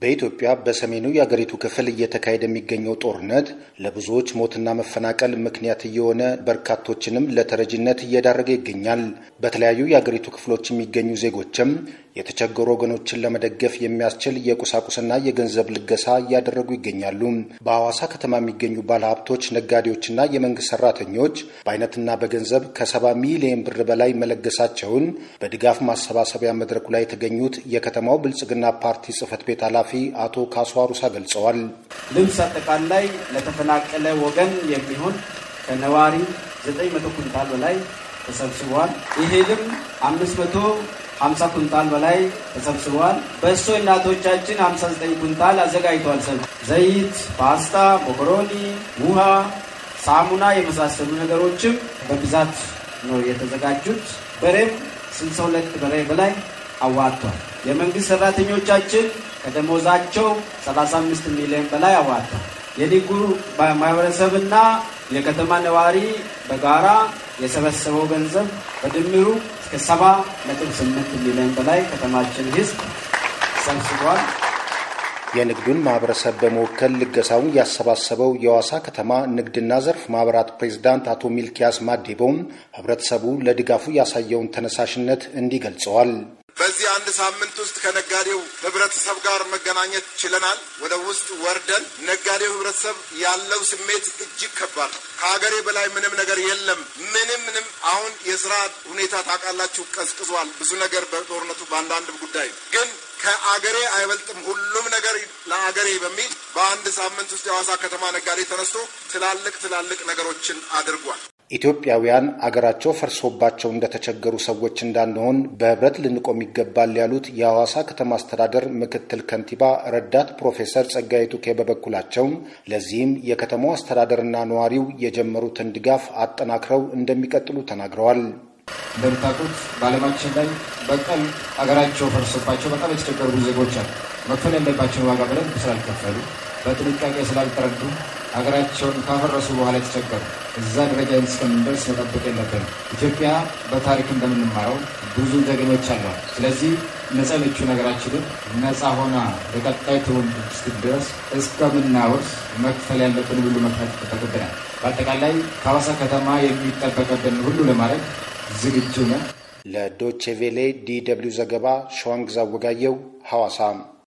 በኢትዮጵያ በሰሜኑ የአገሪቱ ክፍል እየተካሄደ የሚገኘው ጦርነት ለብዙዎች ሞትና መፈናቀል ምክንያት እየሆነ በርካቶችንም ለተረጅነት እየዳረገ ይገኛል። በተለያዩ የአገሪቱ ክፍሎች የሚገኙ ዜጎችም የተቸገሩ ወገኖችን ለመደገፍ የሚያስችል የቁሳቁስና የገንዘብ ልገሳ እያደረጉ ይገኛሉ። በሐዋሳ ከተማ የሚገኙ ባለሀብቶች፣ ነጋዴዎችና የመንግስት ሰራተኞች በአይነትና በገንዘብ ከሰባ ሚሊዮን ብር በላይ መለገሳቸውን በድጋፍ ማሰባሰቢያ መድረኩ ላይ የተገኙት የከተማው ብልጽግና ፓርቲ ጽህፈት ቤት ኃላፊ አቶ ካሷሩሳ ገልጸዋል። ልብስ አጠቃላይ ለተፈናቀለ ወገን የሚሆን ከነዋሪ 900 ኩንታል በላይ ተሰብስቧል። ይሄ ልም 500 50 ኩንታል በላይ ተሰብስቧል። በሶ እናቶቻችን 59 ኩንታል አዘጋጅተዋል። ዘይት፣ ፓስታ፣ ሞኮሮኒ፣ ውሃ፣ ሳሙና የመሳሰሉ ነገሮችም በብዛት ነው የተዘጋጁት። በሬም 62 በሬ በላይ አዋጥቷል። የመንግስት ሰራተኞቻችን ከደሞዛቸው 35 ሚሊዮን በላይ አዋጣ። የዲጉ ማህበረሰብና የከተማ ነዋሪ በጋራ የሰበሰበው ገንዘብ በድምሩ እስከ 78 ሚሊዮን በላይ ከተማችን ህዝብ ሰብስቧል። የንግዱን ማህበረሰብ በመወከል ልገሳውን ያሰባሰበው የዋሳ ከተማ ንግድና ዘርፍ ማህበራት ፕሬዚዳንት አቶ ሚልኪያስ ማዴቦም ህብረተሰቡ ለድጋፉ ያሳየውን ተነሳሽነት እንዲህ ገልጸዋል። በዚህ አንድ ሳምንት ውስጥ ከነጋዴው ህብረተሰብ ጋር መገናኘት ችለናል። ወደ ውስጥ ወርደን ነጋዴው ህብረተሰብ ያለው ስሜት እጅግ ከባድ ነው። ከሀገሬ በላይ ምንም ነገር የለም። ምንም ምንም አሁን የስራ ሁኔታ ታውቃላችሁ፣ ቀዝቅዟል። ብዙ ነገር በጦርነቱ በአንዳንድ ጉዳይ ግን ከአገሬ አይበልጥም ሁሉም ነገር ለአገሬ በሚል በአንድ ሳምንት ውስጥ የሐዋሳ ከተማ ነጋዴ ተነስቶ ትላልቅ ትላልቅ ነገሮችን አድርጓል። ኢትዮጵያውያን አገራቸው ፈርሶባቸው እንደተቸገሩ ሰዎች እንዳንሆን በህብረት ልንቆም ይገባል ያሉት የሐዋሳ ከተማ አስተዳደር ምክትል ከንቲባ ረዳት ፕሮፌሰር ጸጋዬ ቱኬ በበኩላቸው ለዚህም የከተማው አስተዳደርና ነዋሪው የጀመሩትን ድጋፍ አጠናክረው እንደሚቀጥሉ ተናግረዋል። እንደምታውቁት በዓለማችን ላይ በቀል አገራቸው ፈርሶባቸው በጣም የተቸገሩ ብዙ ዜጎች አሉ። መክፈል ያለባቸውን ዋጋ በደንብ ስላልከፈሉ፣ በጥንቃቄ ስላልተረዱ ሀገራቸውን ካፈረሱ በኋላ የተቸገሩ እዛ ደረጃ እስከምንደርስ መጠበቅ የለብንም። ኢትዮጵያ በታሪክ እንደምንማረው ብዙ ጀግኖች አሏት። ስለዚህ ነጸለቹ ነገራችንን ነፃ ሆና ለቀጣይ ትውልድ እስክንደርስ እስከምናወርስ መክፈል ያለብን ሁሉ መክፈል ይጠበቅብናል። በአጠቃላይ ከሀዋሳ ከተማ የሚጠበቅብን ሁሉ ለማድረግ ዝግጁ ነው። ለዶቼቬሌ ዲ ደብልዩ ዘገባ ሸዋንግዛ ወጋየው ሐዋሳም